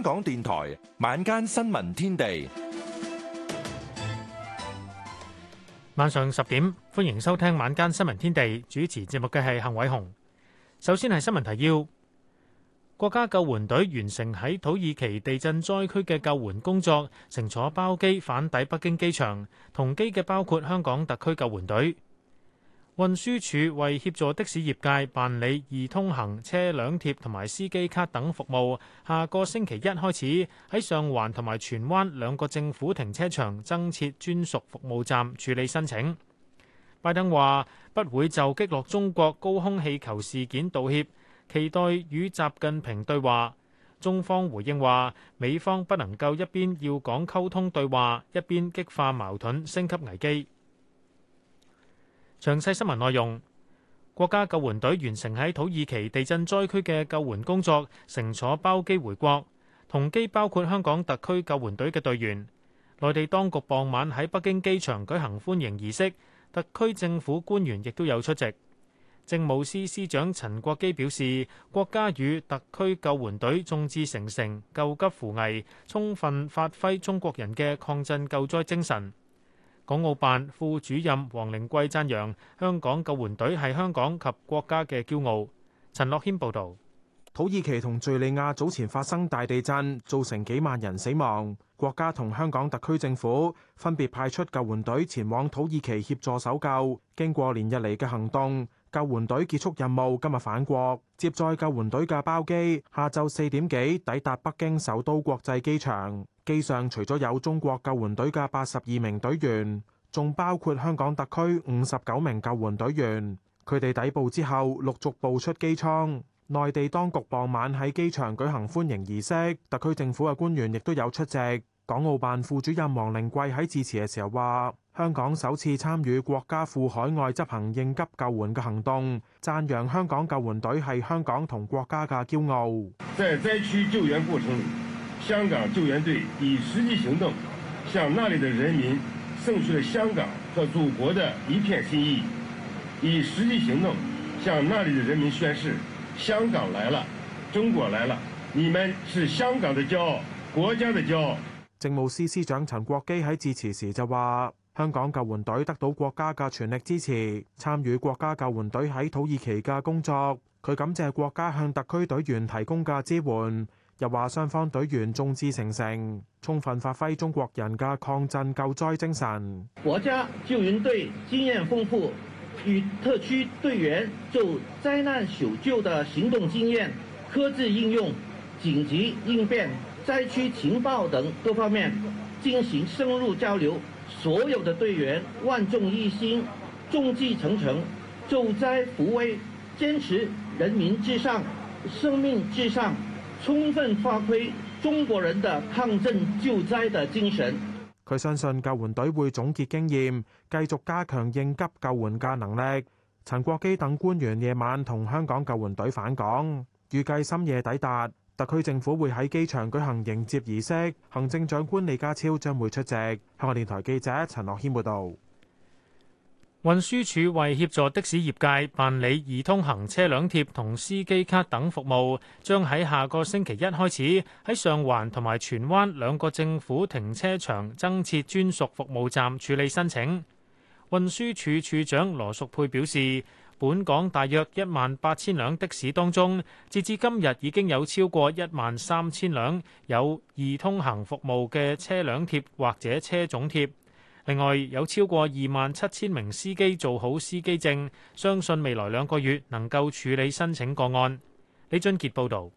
香港電台晚間新聞天地，晚上十點歡迎收聽晚間新聞天地。主持節目嘅係幸偉雄。首先係新聞提要：國家救援隊完成喺土耳其地震災區嘅救援工作，乘坐包機返抵北京機場。同機嘅包括香港特區救援隊。運輸署為協助的士業界辦理易通行車輛貼同埋司機卡等服務，下個星期一開始喺上環同埋荃灣兩個政府停車場增設專屬服務站，處理申請。拜登話不會就擊落中國高空氣球事件道歉，期待與習近平對話。中方回應話，美方不能夠一邊要講溝通對話，一邊激化矛盾、升級危機。詳細新聞內容，國家救援隊完成喺土耳其地震災區嘅救援工作，乘坐包機回國。同機包括香港特區救援隊嘅隊員。內地當局傍晚喺北京機場舉行歡迎儀式，特區政府官員亦都有出席。政務司司長陳國基表示，國家與特區救援隊眾志成城，救急扶危，充分發揮中國人嘅抗震救災精神。港澳辦副主任黃靈桂讚揚香港救援隊係香港及國家嘅驕傲。陳樂謙報道：土耳其同敘利亞早前發生大地震，造成幾萬人死亡。國家同香港特區政府分別派出救援隊前往土耳其協助搜救。經過連日嚟嘅行動，救援隊結束任務，今日返國。接載救援隊嘅包機下晝四點幾抵達北京首都國際機場。機上除咗有中國救援隊嘅八十二名隊員，仲包括香港特區五十九名救援隊員。佢哋抵埗之後陸續步出機艙。內地當局傍晚喺機場舉行歡迎儀式，特區政府嘅官員亦都有出席。港澳辦副主任王靈桂喺致辭嘅時候話，香港首次參與國家赴海外執行應急救援嘅行動，讚揚香港救援隊係香港同國家嘅驕傲。在災區救援過程香港救援隊以實際行動向那裡的人民送去了香港和祖國的一片心意，以實際行動向那裡的人民宣示：「香港來了，中國來了，你們是香港的驕傲，國家的驕傲。」政務司司長陳國基喺致辭時就話：香港救援隊得到國家嘅全力支持，參與國家救援隊喺土耳其嘅工作。佢感謝國家向特區隊員提供嘅支援。又話雙方隊員眾志成城，充分發揮中國人嘅抗震救災精神。國家救援隊經驗豐富，與特區隊員就災難搜救的行動經驗、科技應用、緊急應變、災區情報等各方面進行深入交流。所有的隊員萬眾一心、眾志成城，救災扶危，堅持人民至上、生命至上。充分發揮中國人的抗震救災的精神。佢相信救援隊會總結經驗，繼續加強應急救援嘅能力。陳國基等官員夜晚同香港救援隊返港，預計深夜抵達。特區政府會喺機場舉行迎接儀式，行政長官李家超將會出席。香港電台記者陳樂謙報道。運輸署為協助的士業界辦理易通行車輛貼同司機卡等服務，將喺下個星期一開始喺上環同埋荃灣兩個政府停車場增設專屬服務站處理申請。運輸署，署署長羅淑佩表示，本港大約一萬八千輛的士當中，截至今日已經有超過一萬三千輛有易通行服務嘅車輛貼或者車種貼。另外，有超過二萬七千名司機做好司機證，相信未來兩個月能夠處理申請個案。李俊杰報導。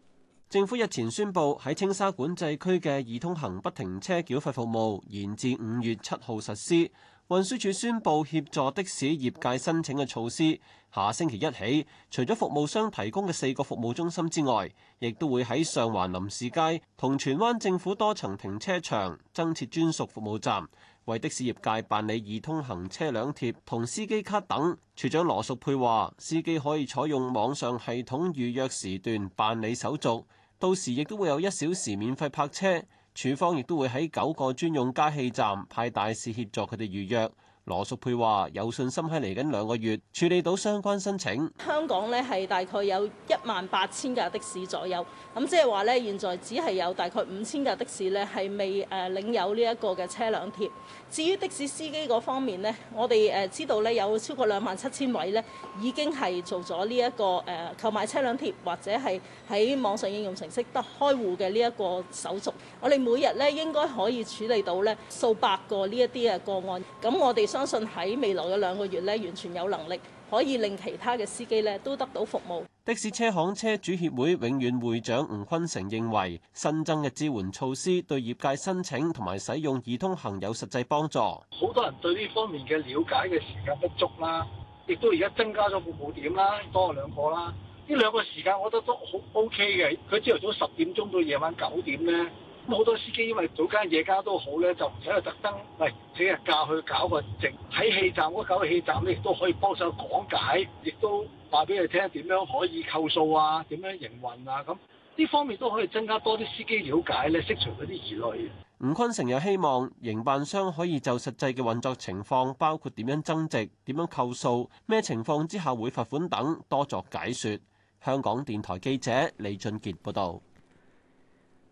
政府日前宣布喺青沙管制區嘅易通行不停車繳費服務延至五月七號實施。運輸署宣布協助的士業界申請嘅措施，下星期一起，除咗服務商提供嘅四個服務中心之外，亦都會喺上環林士街同荃灣政府多層停車場增設專屬服務站。為的士業界辦理易通行車輛貼同司機卡等，處長羅淑佩話，司機可以採用網上系統預約時段辦理手續，到時亦都會有一小時免費泊車。處方亦都會喺九個專用加氣站派大使協助佢哋預約。羅淑佩話：有信心喺嚟緊兩個月處理到相關申請。香港呢係大概有一萬八千架的士左右，咁即係話呢，現在只係有大概五千架的士呢係未誒領有呢一個嘅車輛貼。至於的士司機嗰方面呢，我哋誒知道呢有超過兩萬七千位呢已經係做咗呢一個誒購買車輛貼或者係喺網上應用程式得開戶嘅呢一個手續。我哋每日呢應該可以處理到呢數百個呢一啲嘅個案。咁我哋。相信喺未來嘅兩個月咧，完全有能力可以令其他嘅司機咧都得到服務。的士車行車主協會永遠會長吳坤成認為，新增嘅支援措施對業界申請同埋使用易通行有實際幫助。好多人對呢方面嘅了解嘅時間不足啦，亦都而家增加咗服務點啦，多兩個啦。呢兩個時間，我覺得都好 OK 嘅。佢朝頭早十點鐘到夜晚九點咧。咁好多司機因為早間、夜間都好咧，就唔使去特登，喂、哎，請日假去搞個證喺氣站嗰搞個氣站咧，亦都可以幫手講解，亦都話俾佢聽點樣可以扣數啊，點樣營運啊，咁呢方面都可以增加多啲司機了解咧，消除嗰啲疑慮。吳坤成又希望營辦商可以就實際嘅運作情況，包括點樣增值、點樣扣數、咩情況之下會罰款等，多作解説。香港電台記者李俊傑報道。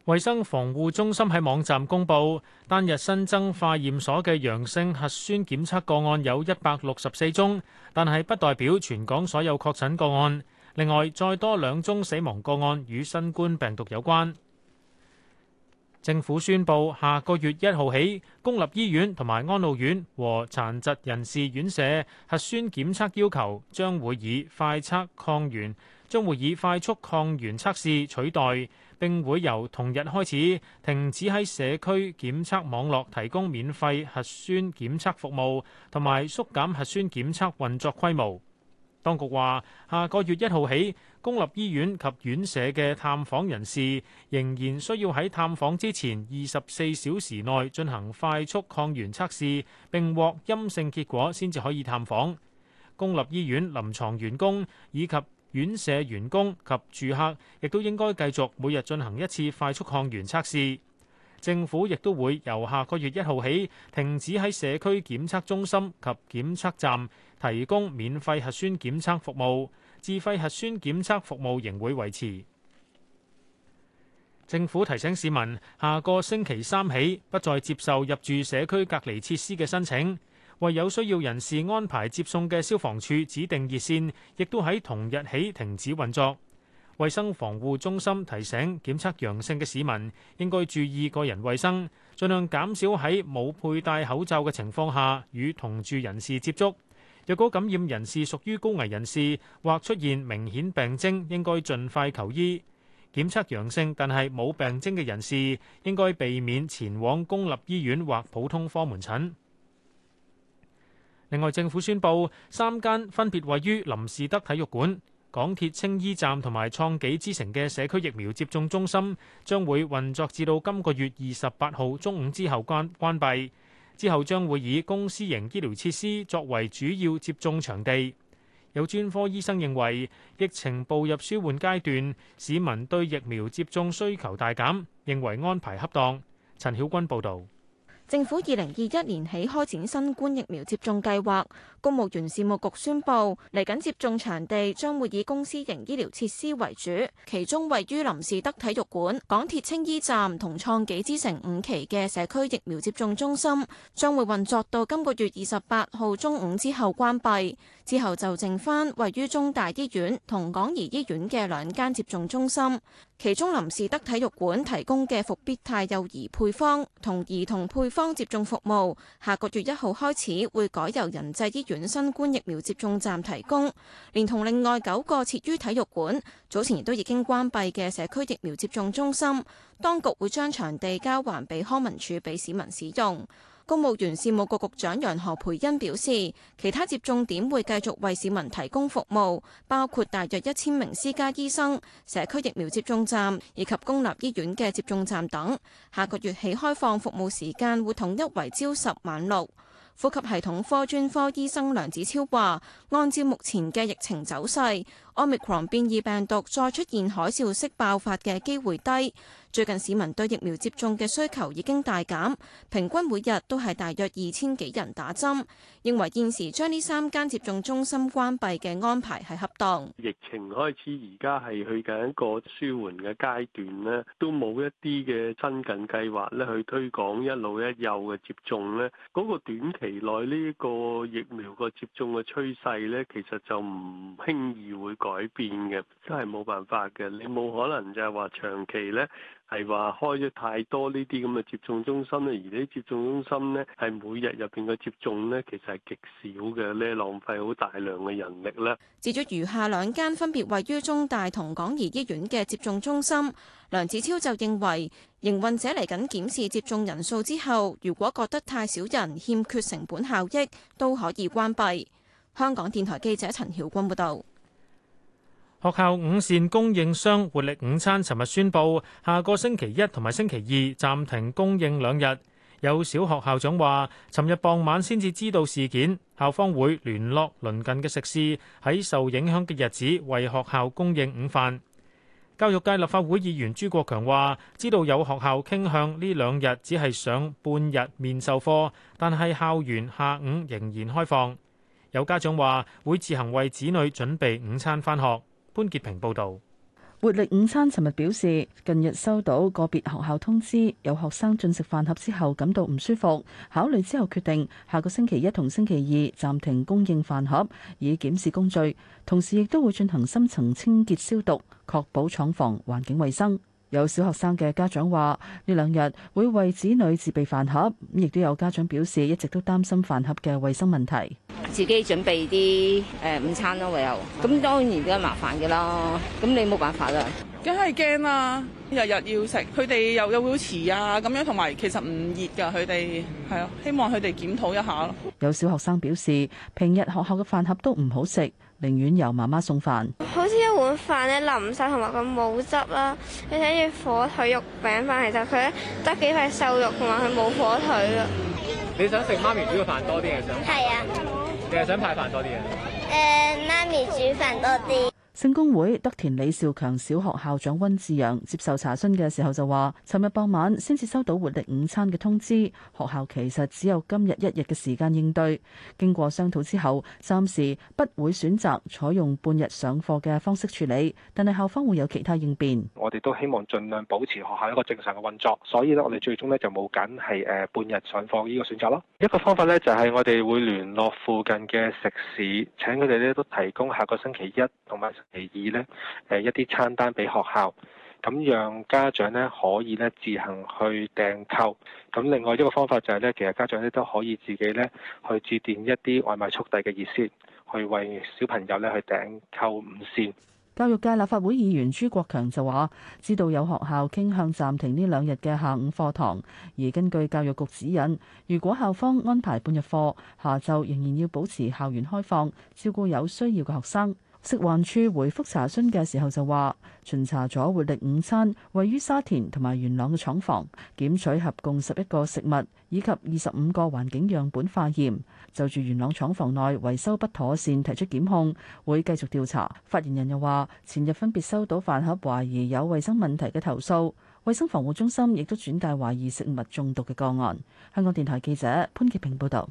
衛生防護中心喺網站公布，單日新增化驗所嘅陽性核酸檢測個案有一百六十四宗，但係不代表全港所有確診個案。另外，再多兩宗死亡個案與新冠病毒有關。政府宣布，下個月一號起，公立醫院同埋安老院和殘疾人士院舍核酸檢測要求將會以快測抗原，將會以快速抗原測試取代。並會由同日開始停止喺社區檢測網絡提供免費核酸檢測服務，同埋縮減核酸檢測運作規模。當局話，下個月一號起，公立醫院及院舍嘅探訪人士仍然需要喺探訪之前二十四小時內進行快速抗原測試，並獲陰性結果先至可以探訪。公立醫院臨床員工以及院舍員工及住客亦都應該繼續每日進行一次快速抗原測試。政府亦都會由下個月一號起停止喺社區檢測中心及檢測站提供免費核酸檢測服務，自費核酸檢測服務仍會維持。政府提醒市民，下個星期三起不再接受入住社區隔離設施嘅申請。為有需要人士安排接送嘅消防處指定熱線，亦都喺同日起停止運作。衛生防護中心提醒，檢測陽性嘅市民應該注意個人衛生，盡量減少喺冇佩戴口罩嘅情況下與同住人士接觸。若果感染人士屬於高危人士或出現明顯病徵，應該盡快求醫。檢測陽性但係冇病徵嘅人士，應該避免前往公立醫院或普通科門診。另外，政府宣布三間分別位於林士德體育館、港鐵青衣站同埋創紀之城嘅社區疫苗接種中心，將會運作至到今個月二十八號中午之後關關閉。之後將會以公私營醫療設施作為主要接種場地。有專科醫生認為疫情步入舒緩階段，市民對疫苗接種需求大減，認為安排恰當。陳曉君報道。政府二零二一年起開展新冠疫苗接種計劃，公務員事務局宣布，嚟緊接種場地將會以公司型醫療設施為主，其中位於林士德體育館、港鐵青衣站同創紀之城五期嘅社區疫苗接種中心，將會運作到今個月二十八號中午之後關閉。之後就剩返位於中大醫院同港怡醫院嘅兩間接種中心，其中林士德體育館提供嘅復必泰幼兒配方同兒童配方接種服務，下個月一號開始會改由仁濟醫院新冠疫苗接種站提供，連同另外九個設於體育館早前都已經關閉嘅社區疫苗接種中心，當局會將場地交還俾康文署俾市民使用。公務員事務局局長楊何蓓茵表示，其他接種點會繼續為市民提供服務，包括大約一千名私家醫生、社區疫苗接種站以及公立醫院嘅接種站等。下個月起開放服務時間會統一為朝十晚六。呼吸系統科專科醫生梁子超話，按照目前嘅疫情走勢，奧密克戎變異病毒再出現海嘯式爆發嘅機會低。最近市民對疫苗接種嘅需求已經大減，平均每日都係大約二千幾人打針，認為現時將呢三間接種中心關閉嘅安排係恰當。疫情開始而家係去緊一個舒緩嘅階段咧，都冇一啲嘅新近計劃咧去推廣一老一幼嘅接種咧。嗰個短期內呢個疫苗個接種嘅趨勢咧，其實就唔輕易會。改變嘅真係冇辦法嘅。你冇可能就係話長期呢，係話開咗太多呢啲咁嘅接種中心呢，而啲接種中心呢，係每日入邊嘅接種呢，其實係極少嘅，呢浪費好大量嘅人力啦。至於餘下兩間分別位於中大同港怡醫院嘅接種中心，梁子超就認為營運者嚟緊檢視接種人數之後，如果覺得太少人欠缺成本效益，都可以關閉。香港電台記者陳曉君報導。學校午膳供應商活力午餐，尋日宣布下個星期一同埋星期二暫停供應兩日。有小學校長話，尋日傍晚先至知道事件，校方會聯絡鄰近嘅食肆，喺受影響嘅日子為學校供應午飯。教育界立法會議員朱國強話，知道有學校傾向呢兩日只係上半日面授課，但係校園下午仍然開放。有家長話，會自行為子女準備午餐返學。潘潔平報道，活力午餐尋日表示，近日收到個別學校通知，有學生進食飯盒之後感到唔舒服，考慮之後決定下個星期一同星期二暫停供應飯盒，以檢視工序，同時亦都會進行深層清潔消毒，確保廠房環境衛生。有小學生嘅家長話：呢兩日會為子女自備飯盒，咁亦都有家長表示一直都擔心飯盒嘅衛生問題，自己準備啲誒午餐咯，唯有咁當然都係麻煩嘅啦，咁你冇辦法啦，梗係驚啦。日日要食，佢哋又有會遲啊咁樣，同埋其實唔熱噶，佢哋係啊，希望佢哋檢討一下咯。有小學生表示，平日學校嘅飯盒都唔好食，寧願由媽媽送飯。好似一碗飯咧腍晒，同埋個冇汁啦。你睇住火腿肉餅飯，其實佢咧得幾塊瘦肉，同埋佢冇火腿咯。你想食媽咪煮嘅飯多啲定係想？係啊。定係想派飯多啲啊？誒，媽咪煮飯多啲。政工會德田李兆強小學校長溫志揚接受查詢嘅時候就話，尋日傍晚先至收到活力午餐嘅通知，學校其實只有今日一日嘅時間應對。經過商討之後，暫時不會選擇採用半日上課嘅方式處理，但係校方會有其他應變。我哋都希望盡量保持學校一個正常嘅運作，所以呢，我哋最終呢就冇揀係誒半日上課呢個選擇咯。一個方法呢，就係我哋會聯絡附近嘅食肆，請佢哋呢都提供下個星期一同埋。其二咧，誒一啲餐單俾學校，咁讓家長咧可以咧自行去訂購。咁另外一個方法就係咧，其實家長咧都可以自己咧去致電一啲外賣速遞嘅熱線，去為小朋友咧去訂購午膳。教育界立法會議員朱國強就話，知道有學校傾向暫停呢兩日嘅下午課堂，而根據教育局指引，如果校方安排半日課，下晝仍然要保持校園開放，照顧有需要嘅學生。食環署回覆查詢嘅時候就話，巡查咗活力午餐位於沙田同埋元朗嘅廠房，檢取合共十一個食物以及二十五個環境樣本化驗，就住元朗廠房內維修不妥善提出檢控，會繼續調查。發言人又話，前日分別收到飯盒懷疑有衞生問題嘅投訴，衞生防護中心亦都轉介懷疑食物中毒嘅個案。香港電台記者潘潔平報道。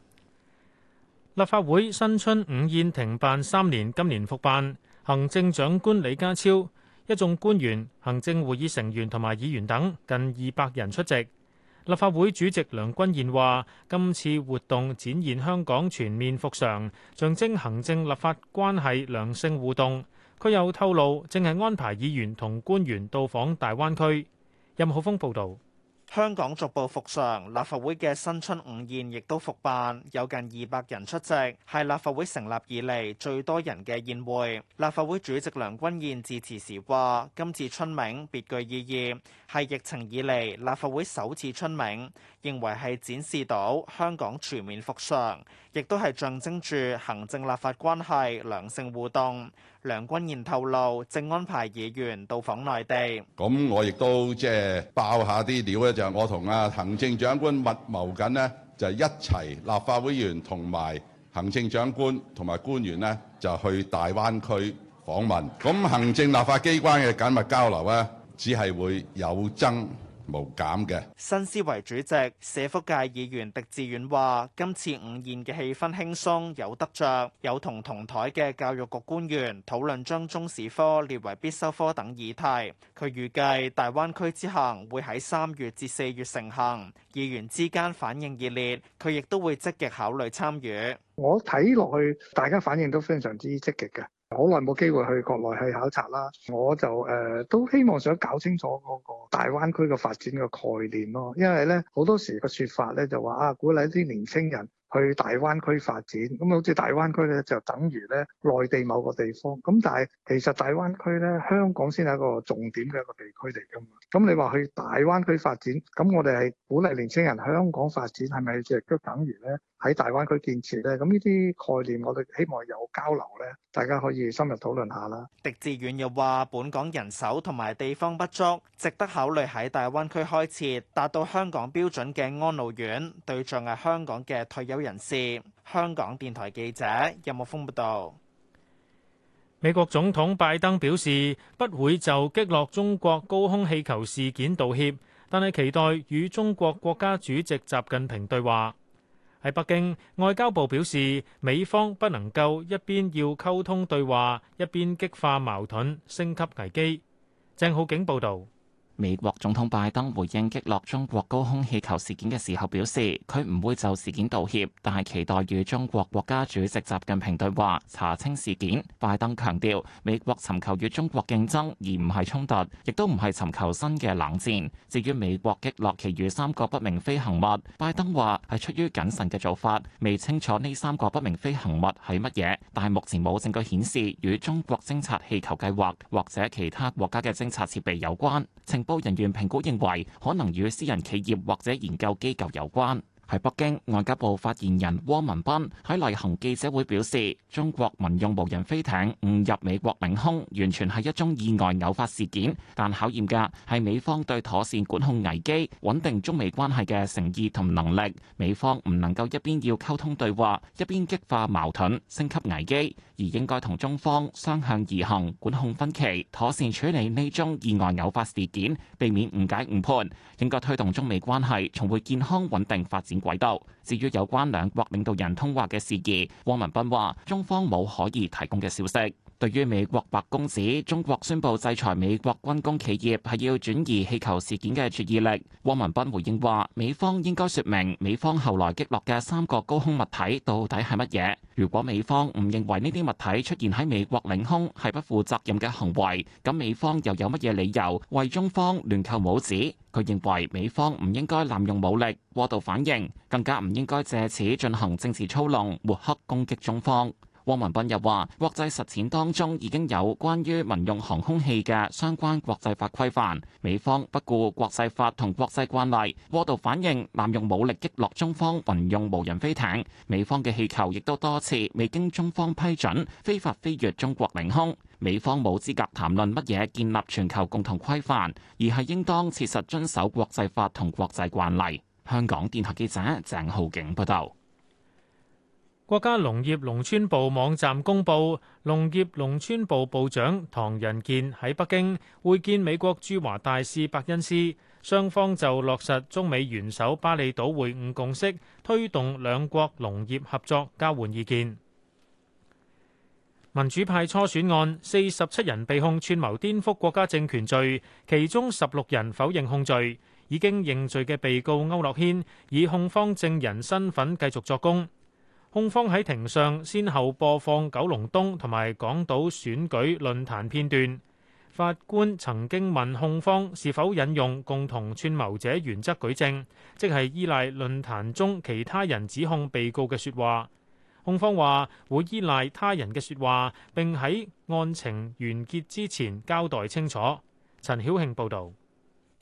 立法會新春午宴停辦三年，今年復辦。行政長官李家超、一眾官員、行政會議成員同埋議員等近二百人出席。立法會主席梁君彥話：今次活動展現香港全面復常，象徵行政立法關係良性互動。佢又透露，正係安排議員同官員到訪大灣區。任浩峰報導。香港逐步復常，立法會嘅新春午宴亦都復辦，有近二百人出席，係立法會成立以嚟最多人嘅宴會。立法會主席梁君彥致辭時話：今次春茗別具意義，係疫情以嚟立法會首次春茗，認為係展示到香港全面復常。亦都係象徵住行政立法關係良性互動。梁君彥透露，正安排議員到訪內地。咁我亦都即係爆一下啲料咧，就係、是、我同啊行政長官密謀緊呢就一齊立法會議員同埋行政長官同埋官員呢，就去大灣區訪問。咁行政立法機關嘅緊密交流咧，只係會有增無減嘅新思維主席社福界議員狄志遠話，今次午宴嘅氣氛輕鬆，有得着。有同同台嘅教育局官員討論將中史科列為必修科等議題。佢預計大灣區之行會喺三月至四月成行，議員之間反應熱烈，佢亦都會積極考慮參與。我睇落去，大家反應都非常之積極嘅。好耐冇機會去國內去考察啦，我就誒、呃、都希望想搞清楚嗰個大灣區嘅發展嘅概念咯，因為咧好多時個說法咧就話啊，鼓勵啲年青人去大灣區發展，咁好似大灣區咧就等於咧內地某個地方，咁但係其實大灣區咧香港先係一個重點嘅一個地區嚟噶嘛，咁你話去大灣區發展，咁我哋係鼓勵年青人香港發展係咪即係都等於咧？喺大灣區建設呢，咁呢啲概念，我哋希望有交流呢，大家可以深入討論下啦。狄志遠又話，本港人手同埋地方不足，值得考慮喺大灣區開設達到香港標準嘅安老院，對象係香港嘅退休人士。香港電台記者任木峯報道。有有美國總統拜登表示不會就擊落中國高空氣球事件道歉，但係期待與中國國家主席習近平對話。喺北京，外交部表示，美方不能夠一邊要溝通對話，一邊激化矛盾，升級危機。鄭浩景報道。美國總統拜登回應擊落中國高空氣球事件嘅時候表示，佢唔會就事件道歉，但係期待與中國國家主席習近平對話查清事件。拜登強調，美國尋求與中國競爭而唔係衝突，亦都唔係尋求新嘅冷戰。至於美國擊落其余三個不明飛行物，拜登話係出於謹慎嘅做法，未清楚呢三個不明飛行物係乜嘢，但係目前冇證據顯示與中國偵察氣球計劃或者其他國家嘅偵察設備有關。稱。高人員評估認為，可能與私人企業或者研究機構有關。喺北京，外交部發言人汪文斌喺例行記者會表示，中國民用無人飛艇誤入美國領空，完全係一宗意外偶發事件。但考驗嘅係美方對妥善管控危機穩定中美關係嘅誠意同能力。美方唔能夠一邊要溝通對話一邊激化矛盾，升級危機，而應該同中方雙向而行，管控分歧，妥善處理呢宗意外偶發事件，避免誤解誤判，應該推動中美關係重回健康穩定發展軌道。至於有關兩國領導人通話嘅事宜，汪文斌話：中方冇可以提供嘅消息。對於美國白宮指中國宣布制裁美國軍工企業係要轉移氣球事件嘅注意力，汪文斌回應話：美方應該説明美方後來擊落嘅三個高空物體到底係乜嘢。如果美方唔認為呢啲物體出現喺美國領空係不負責任嘅行為，咁美方又有乜嘢理由為中方亂扣帽子？佢認為美方唔應該濫用武力過度反應，更加唔應該借此進行政治操弄、抹黑攻擊中方。汪文斌又話國際實踐當中已經有關於民用航空器嘅相關國際法規範，美方不顧國際法同國際慣例，過度反應，濫用武力擊落中方民用無人飛艇，美方嘅氣球亦都多次未經中方批准，非法飛越中國領空。美方冇資格談論乜嘢建立全球共同規範，而係應當切實遵守國際法同國際慣例。香港電台記者鄭浩景報道。國家農業農村部網站公布，農業農村部部長唐仁健喺北京會見美國駐華大使伯恩斯，雙方就落實中美元首巴厘島會晤共識，推動兩國農業合作，交換意見。民主派初選案，四十七人被控串謀顛覆覆國家政權罪，其中十六人否認控罪，已經認罪嘅被告區諾軒以控方證人身份繼續作供。控方喺庭上先後播放九龍東同埋港島選舉論壇片段。法官曾經問控方是否引用共同串謀者原則舉證，即係依賴論壇中其他人指控被告嘅說話。控方話會依賴他人嘅說話，並喺案情完結之前交代清楚。陳曉慶報道。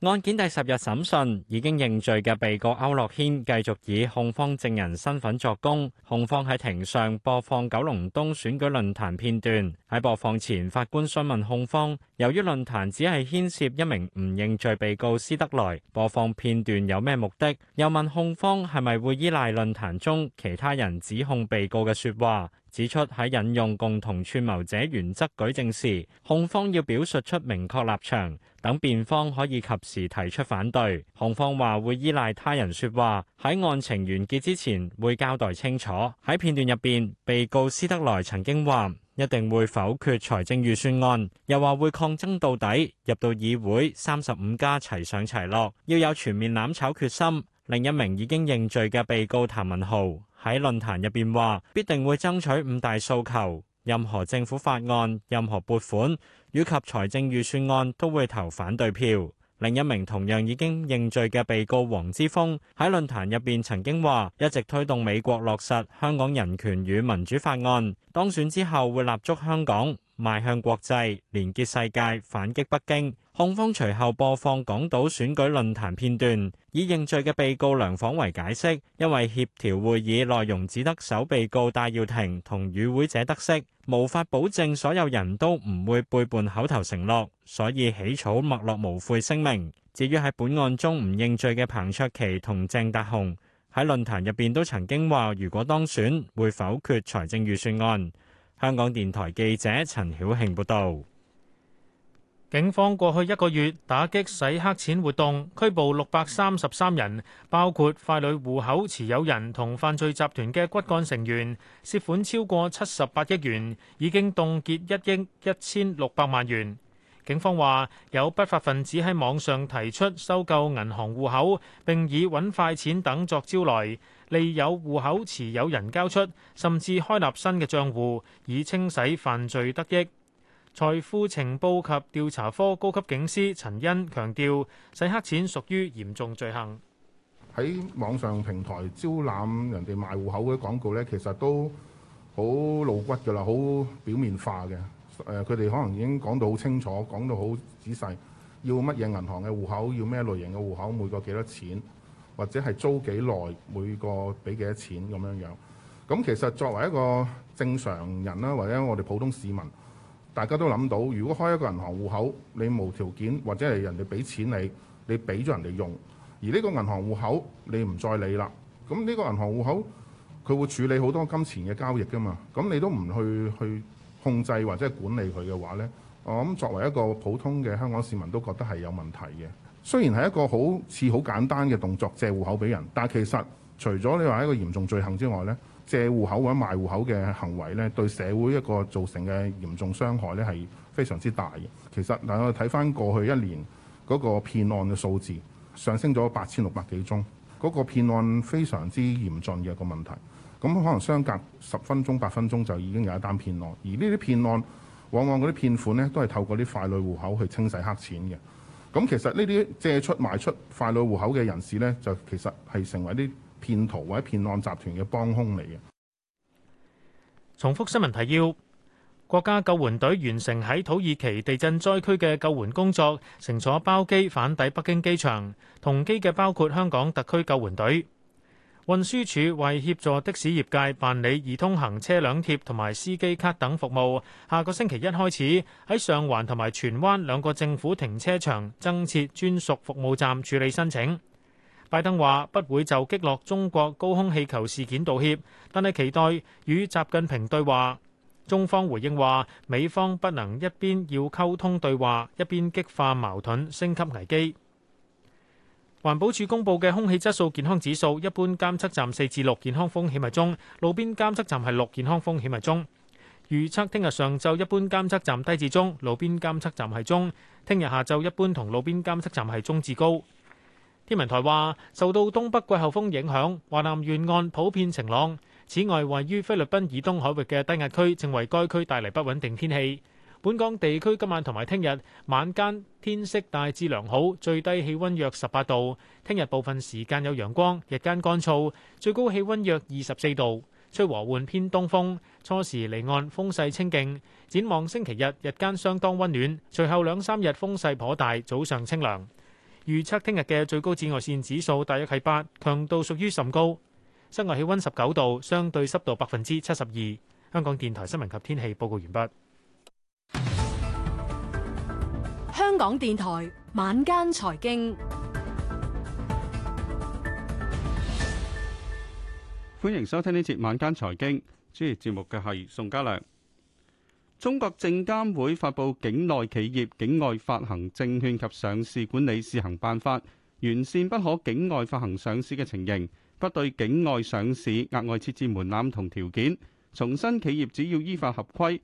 案件第十日審訊，已經認罪嘅被告歐樂軒繼續以控方證人身份作供。控方喺庭上播放九龍東選舉論壇片段。喺播放前，法官詢問控方，由於論壇只係牽涉一名唔認罪被告施德來，播放片段有咩目的？又問控方係咪會依賴論壇中其他人指控被告嘅說話。指出喺引用共同串謀者原則舉證時，控方要表述出明確立場，等辯方可以及時提出反對。控方話會依賴他人說話，喺案情完結之前會交代清楚。喺片段入邊，被告施德來曾經話一定會否決財政預算案，又話會抗爭到底，入到議會三十五加齊上齊落，要有全面攬炒決心。另一名已經認罪嘅被告譚文豪。喺論壇入邊話，必定會爭取五大訴求，任何政府法案、任何撥款以及財政預算案都會投反對票。另一名同樣已經認罪嘅被告黃之鋒喺論壇入邊曾經話，一直推動美國落實香港人權與民主法案，當選之後會立足香港，邁向國際，連結世界，反擊北京。控方隨後播放港島選舉論壇片段，以認罪嘅被告梁晃維解釋，因為協調會議內容只得首被告戴耀廷同與會者得悉，無法保證所有人都唔會背叛口頭承諾，所以起草墨落無悔聲明。至於喺本案中唔認罪嘅彭卓棋同鄭達鴻，喺論壇入邊都曾經話，如果當選會否決財政預算案。香港電台記者陳曉慶報導。警方過去一個月打擊洗黑錢活動，拘捕六百三十三人，包括傀儡戶口持有人同犯罪集團嘅骨幹成員，涉款超過七十八億元，已經凍結一億一千六百萬元。警方話有不法分子喺網上提出收購銀行戶口，並以揾快錢等作招來，利誘戶口持有人交出，甚至開立新嘅賬戶以清洗犯罪得益。財富情報及調查科高級警司陳恩強調：洗黑錢屬於嚴重罪行。喺網上平台招攬人哋賣戶口嗰啲廣告咧，其實都好露骨㗎喇，好表面化嘅。誒，佢哋可能已經講到好清楚，講到好仔細，要乜嘢銀行嘅戶口，要咩類型嘅戶口，每個幾多錢，或者係租幾耐，每個俾幾多錢咁樣樣。咁其實作為一個正常人啦，或者我哋普通市民。大家都諗到，如果開一個銀行戶口，你無條件或者係人哋俾錢你，你俾咗人哋用，而呢個銀行戶口你唔再理啦，咁呢個銀行戶口佢會處理好多金錢嘅交易噶嘛，咁你都唔去去控制或者係管理佢嘅話呢，我諗作為一個普通嘅香港市民都覺得係有問題嘅。雖然係一個好似好簡單嘅動作借戶口俾人，但其實除咗你話一個嚴重罪行之外呢。借戶口或者賣戶口嘅行為咧，對社會一個造成嘅嚴重傷害咧，係非常之大嘅。其實嗱，我哋睇翻過去一年嗰個騙案嘅數字上升咗八千六百幾宗，嗰個騙案非常之嚴峻嘅一個問題。咁可能相隔十分鐘、八分鐘就已經有一單騙案。而呢啲騙案往往嗰啲騙款咧，都係透過啲傀儡戶口去清洗黑錢嘅。咁其實呢啲借出賣出傀儡戶口嘅人士咧，就其實係成為啲……騙徒或者騙案集團嘅幫凶嚟嘅。重複新聞提要：國家救援隊完成喺土耳其地震災區嘅救援工作，乘坐包機返抵北京機場。同機嘅包括香港特區救援隊。運輸署為協助的士業界辦理易通行車輛貼同埋司機卡等服務，下個星期一開始喺上環同埋荃灣兩個政府停車場增設專屬服務站處理申請。拜登話不會就擊落中國高空氣球事件道歉，但係期待與習近平對話。中方回應話，美方不能一邊要溝通對話，一邊激化矛盾、升級危機。環保署公佈嘅空氣質素健康指數，一般監測站四至六，6，健康風險係中；路邊監測站係六，健康風險係中。預測聽日上晝一般監測站低至中，路邊監測站係中；聽日下晝一般同路邊監測站係中至高。天文台話，受到東北季候風影響，華南沿岸普遍晴朗。此外，位於菲律賓以東海域嘅低壓區正為該區帶嚟不穩定天氣。本港地區今晚同埋聽日晚間天色大致良好，最低氣温約十八度。聽日部分時間有陽光，日間乾燥，最高氣温約二十四度，吹和緩偏東風。初時離岸風勢清勁。展望星期日日間相當温暖，隨後兩三日風勢頗大，早上清涼。預測聽日嘅最高紫外線指數大約係八，強度屬於甚高。室外氣温十九度，相對濕度百分之七十二。香港電台新聞及天氣報告完畢。香港電台晚間財經，歡迎收聽呢節晚間財經，主持節目嘅係宋家良。中國證監會發布《境內企業境外發行證券及上市管理試行辦法》，完善不可境外發行上市嘅情形，不對境外上市額外設置門檻同條件。重申企業只要依法合規，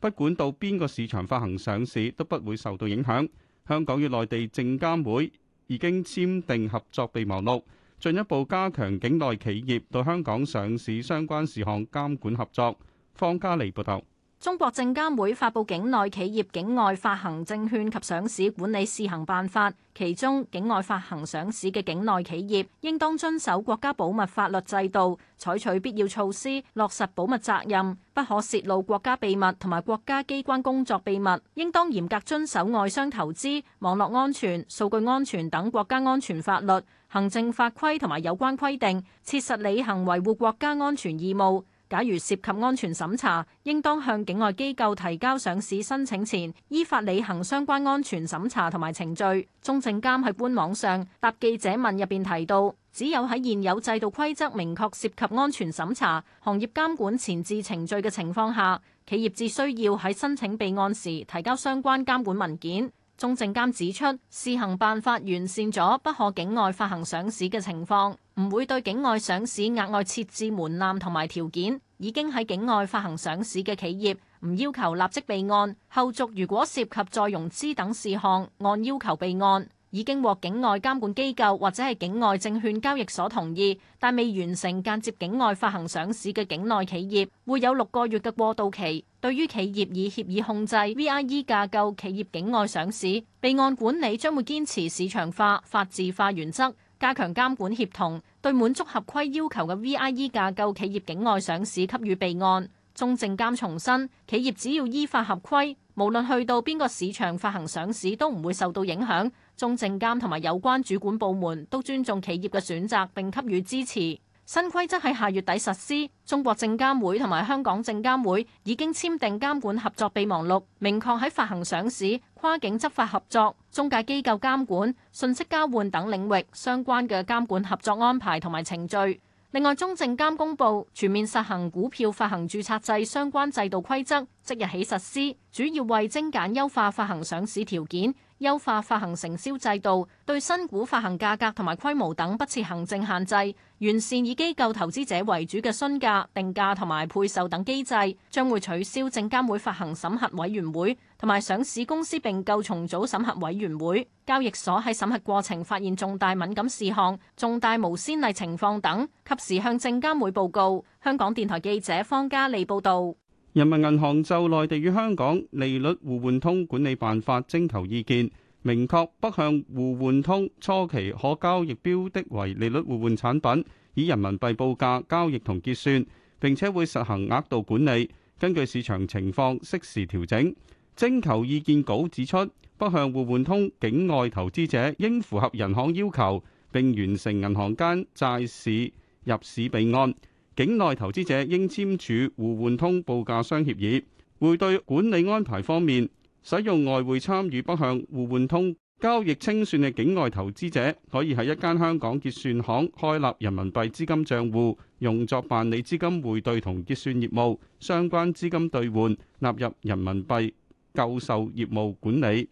不管到邊個市場發行上市，都不會受到影響。香港與內地證監會已經簽訂合作備忘錄，進一步加強境內企業到香港上市相關事項監管合作。方家利報道。中國證監會發布境內企業境外發行證券及上市管理試行辦法，其中，境外發行上市嘅境內企業，應當遵守國家保密法律制度，採取必要措施，落實保密責任，不可洩露國家秘密同埋國家機關工作秘密，應當嚴格遵守外商投資、網絡安全、數據安全等國家安全法律、行政法規同埋有關規定，切實履行維護國家安全義務。假如涉及安全審查，應當向境外機構提交上市申請前，依法履行相關安全審查同埋程序。中證監喺官網上答記者問入邊提到，只有喺現有制度規則明確涉及安全審查、行業監管前置程序嘅情況下，企業只需要喺申請備案時提交相關監管文件。中證監指出，試行辦法完善咗不可境外發行上市嘅情況，唔會對境外上市額外設置門檻同埋條件。已經喺境外發行上市嘅企業，唔要求立即備案，後續如果涉及再融資等事項，按要求備案。已經獲境外監管機構或者係境外證券交易所同意，但未完成間接境外發行上市嘅境內企業會有六個月嘅過渡期。對於企業以協議控制 VIE 架構企業境外上市，備案管理將會堅持市場化、法治化原則，加強監管協同，對滿足合規要求嘅 VIE 架構企業境外上市給予備案。中證監重申，企業只要依法合規，無論去到邊個市場發行上市都唔會受到影響。中證監同埋有關主管部門都尊重企業嘅選擇，並給予支持。新規則喺下月底實施。中國證監會同埋香港證監會已經簽訂監管合作備忘錄，明確喺發行上市、跨境執法合作、中介機構監管、信息交換等領域相關嘅監管合作安排同埋程序。另外，中證監公布全面實行股票發行注冊制相關制度規則，即日起實施，主要為精簡優化發行上市條件。優化發行承銷制度，對新股發行價格同埋規模等不設行政限制，完善以機構投資者為主嘅詢價定價同埋配售等機制，將會取消證監會發行審核委員會同埋上市公司併購重組審核委員會。交易所喺審核過程發現重大敏感事項、重大無先例情況等，及時向證監會報告。香港電台記者方嘉莉報道。人民銀行就內地與香港利率互換通管理辦法徵求意見，明確北向互換通初期可交易標的為利率互換產品，以人民幣報價交易同結算，並且會實行額度管理，根據市場情況適時調整。徵求意見稿指出，北向互換通境外投資者應符合銀行要求，並完成銀行間債市入市備案。境內投資者應簽署互換通報價商協議。匯兌管理安排方面，使用外匯參與北向互換通交易清算嘅境外投資者，可以喺一間香港結算行開立人民幣資金帳戶，用作辦理資金匯兌同結算業務相關資金兌換，納入人民幣購售業務管理。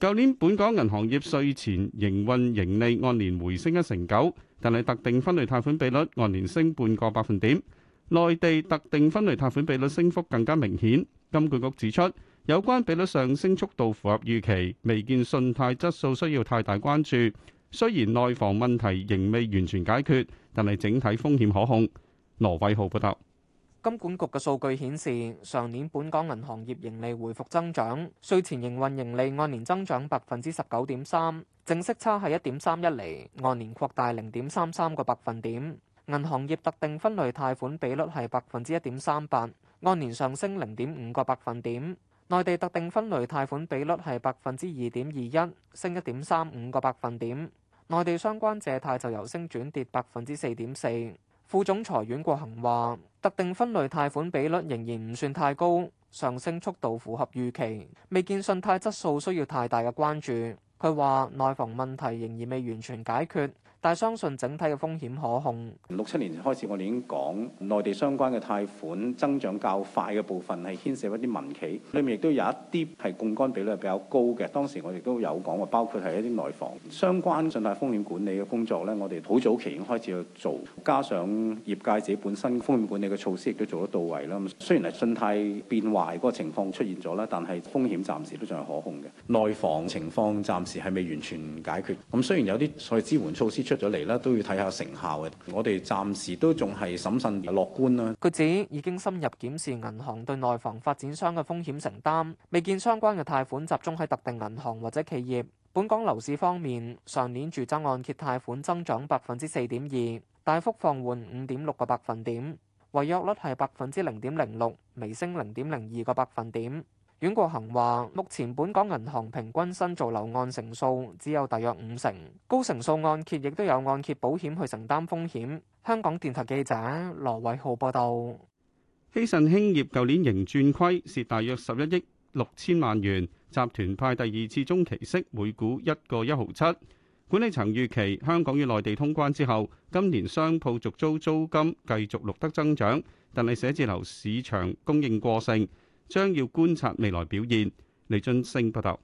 舊年本港銀行業稅前營運盈利按年回升一成九。但係特定分類貸款比率按年升半個百分點，內地特定分類貸款比率升幅更加明顯。金管局指出，有關比率上升速度符合預期，未見信貸質素需要太大關注。雖然內房問題仍未完全解決，但係整體風險可控。羅偉浩報道。金管局嘅數據顯示，上年本港銀行業盈利回復增長，稅前營運盈利按年增長百分之十九點三，淨息差係一點三一厘，按年擴大零點三三個百分點，銀行業特定分類貸款比率係百分之一點三八，按年上升零點五個百分點，內地特定分類貸款比率係百分之二點二一，升一點三五個百分點，內地相關借貸就由升轉跌百分之四點四。副總裁阮國恒話：特定分類貸款比率仍然唔算太高，上升速度符合預期，未見信貸質素需要太大嘅關注。佢話內房問題仍然未完全解決。但係相信整體嘅風險可控。六七年前開始，我哋已經講內地相關嘅貸款增長較快嘅部分係牽涉一啲民企，裏面亦都有一啲係槓桿比率比較高嘅。當時我哋都有講過，包括係一啲內房相關信貸風險管理嘅工作咧，我哋好早期已經開始去做，加上業界自己本身風險管理嘅措施亦都做得到位啦。雖然係信貸變壞個情況出現咗啦，但係風險暫時都仲係可控嘅。內房情況暫時係未完全解決，咁雖然有啲所謂支援措施出，出咗嚟啦，都要睇下成效嘅。我哋暫時都仲係審慎樂觀啦。佢指已經深入檢視銀行對內房發展商嘅風險承擔，未見相關嘅貸款集中喺特定銀行或者企業。本港樓市方面，上年住宅按揭貸款增長百分之四點二，大幅放緩五點六個百分點，違約率係百分之零點零六，微升零點零二個百分點。阮國恆話：目前本港銀行平均新造樓按成數只有大約五成，高成數按揭亦都有按揭保險去承擔風險。香港電台記者羅偉浩報道。希慎興業舊年盈轉虧，蝕大約十一億六千萬元。集團派第二次中期息每股一個一毫七。管理層預期香港與內地通關之後，今年商鋪續租租金繼續錄得增長，但係寫字樓市場供應過剩。將要觀察未來表現。李俊升報道。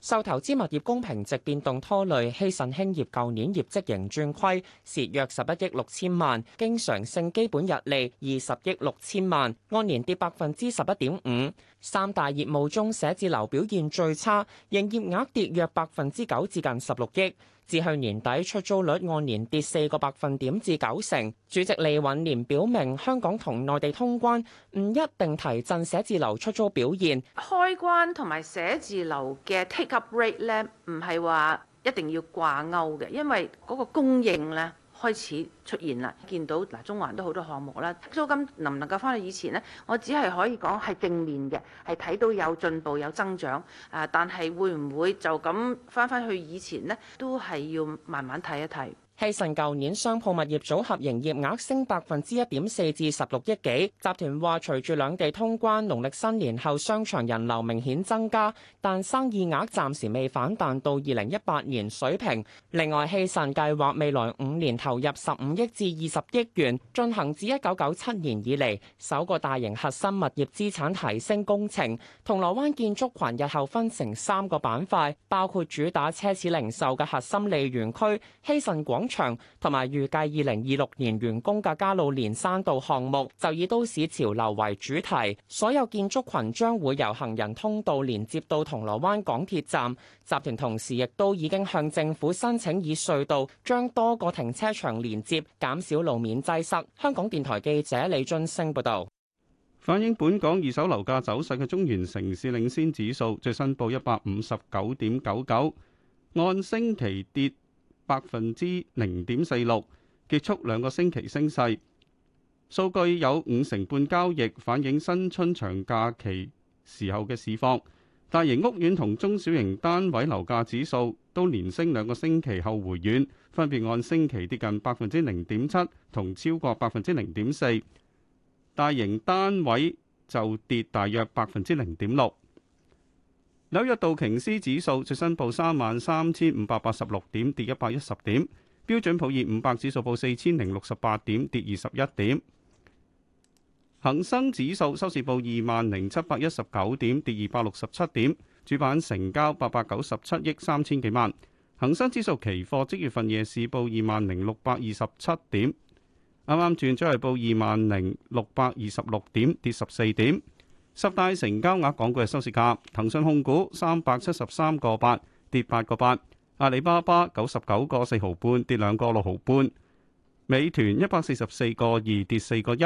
受投資物業公平值變動拖累，希慎興業舊年業績盈轉虧，蝕約十一億六千萬，經常性基本溢利二十億六千萬，按年跌百分之十一點五。三大業務中寫字樓表現最差，營業額跌，跌約百分之九，至近十六億。至去年底出租率按年跌四個百分點至九成。主席利蘊蓮表明，香港同內地通關唔一定提振寫字樓出租表現。開關同埋寫字樓嘅 take up rate 咧，唔係話一定要掛鈎嘅，因為嗰個供應咧。開始出現啦，見到嗱，中環都好多項目啦。租金能唔能夠翻去以前呢？我只係可以講係正面嘅，係睇到有進步有增長啊！但係會唔會就咁翻返去以前呢？都係要慢慢睇一睇。希慎舊年商鋪物業組合營業額升百分之一點四至十六億幾，集團話隨住兩地通關，農曆新年後商場人流明顯增加，但生意額暫時未反彈到二零一八年水平。另外，希慎計劃未來五年投入十五億至二十億元，進行自一九九七年以嚟首個大型核心物業資產提升工程。銅鑼灣建築群日後分成三個板塊，包括主打奢侈零售嘅核心利園區，希慎廣場同埋預計二零二六年完工嘅加路連山道項目，就以都市潮流為主題，所有建築群將會由行人通道連接到銅鑼灣港鐵站。集團同時亦都已經向政府申請，以隧道將多個停車場連接，減少路面擠塞。香港電台記者李津升報道。反映本港二手樓價走勢嘅中原城市領先指數，最新報一百五十九點九九，按星期跌，百分之零點四六，結束兩個星期升勢。數據有五成半交易反映新春長假期時候嘅市況。大型屋苑同中小型單位樓價指數都連升兩個星期後回軟，分別按星期跌近百分之零點七同超過百分之零點四。大型單位就跌大約百分之零點六。紐約道瓊斯指數最新報三萬三千五百八十六點，跌一百一十點；標準普爾五百指數報四千零六十八點，跌二十一點；恒生指數收市報二萬零七百一十九點，跌二百六十七點。主板成交八百九十七億三千幾萬。恒生指數期貨即月份夜市報二萬零六百二十七點，啱啱轉咗係報二萬零六百二十六點，跌十四點。十大成交額港股嘅收市價：騰訊控股三百七十三個八，跌八個八；阿里巴巴九十九個四毫半，跌兩個六毫半；美團一百四十四個二，跌四個一；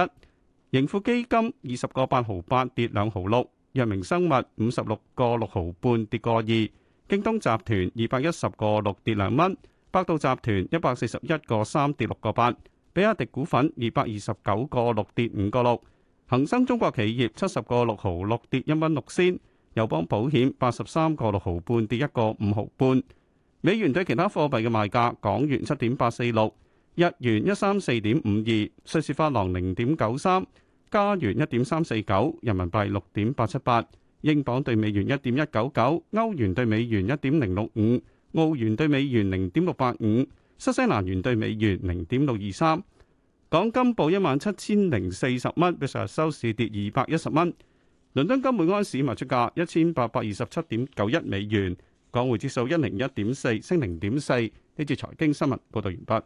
盈富基金二十個八毫八，跌兩毫六；藥明生物五十六個六毫半，跌個二；京東集團二百一十個六，跌兩蚊；百度集團一百四十一個三，跌六個八；比亞迪股份二百二十九個六，跌五個六。恒生中國企業七十個六毫六跌一蚊六仙，友邦保險八十三個六毫半跌一個五毫半。美元兌其他貨幣嘅賣價：港元七點八四六，日元一三四點五二，瑞士法郎零點九三，加元一點三四九，人民幣六點八七八，英鎊兌美元一點一九九，歐元兌美元一點零六五，澳元兌美元零點六八五，新西蘭元兌美元零點六二三。港金報一萬七千零四十蚊，比上日收市跌二百一十蚊。倫敦金每安士賣出價一千八百二十七點九一美元。港匯指數一零一點四，升零點四。呢次財經新聞報道完畢。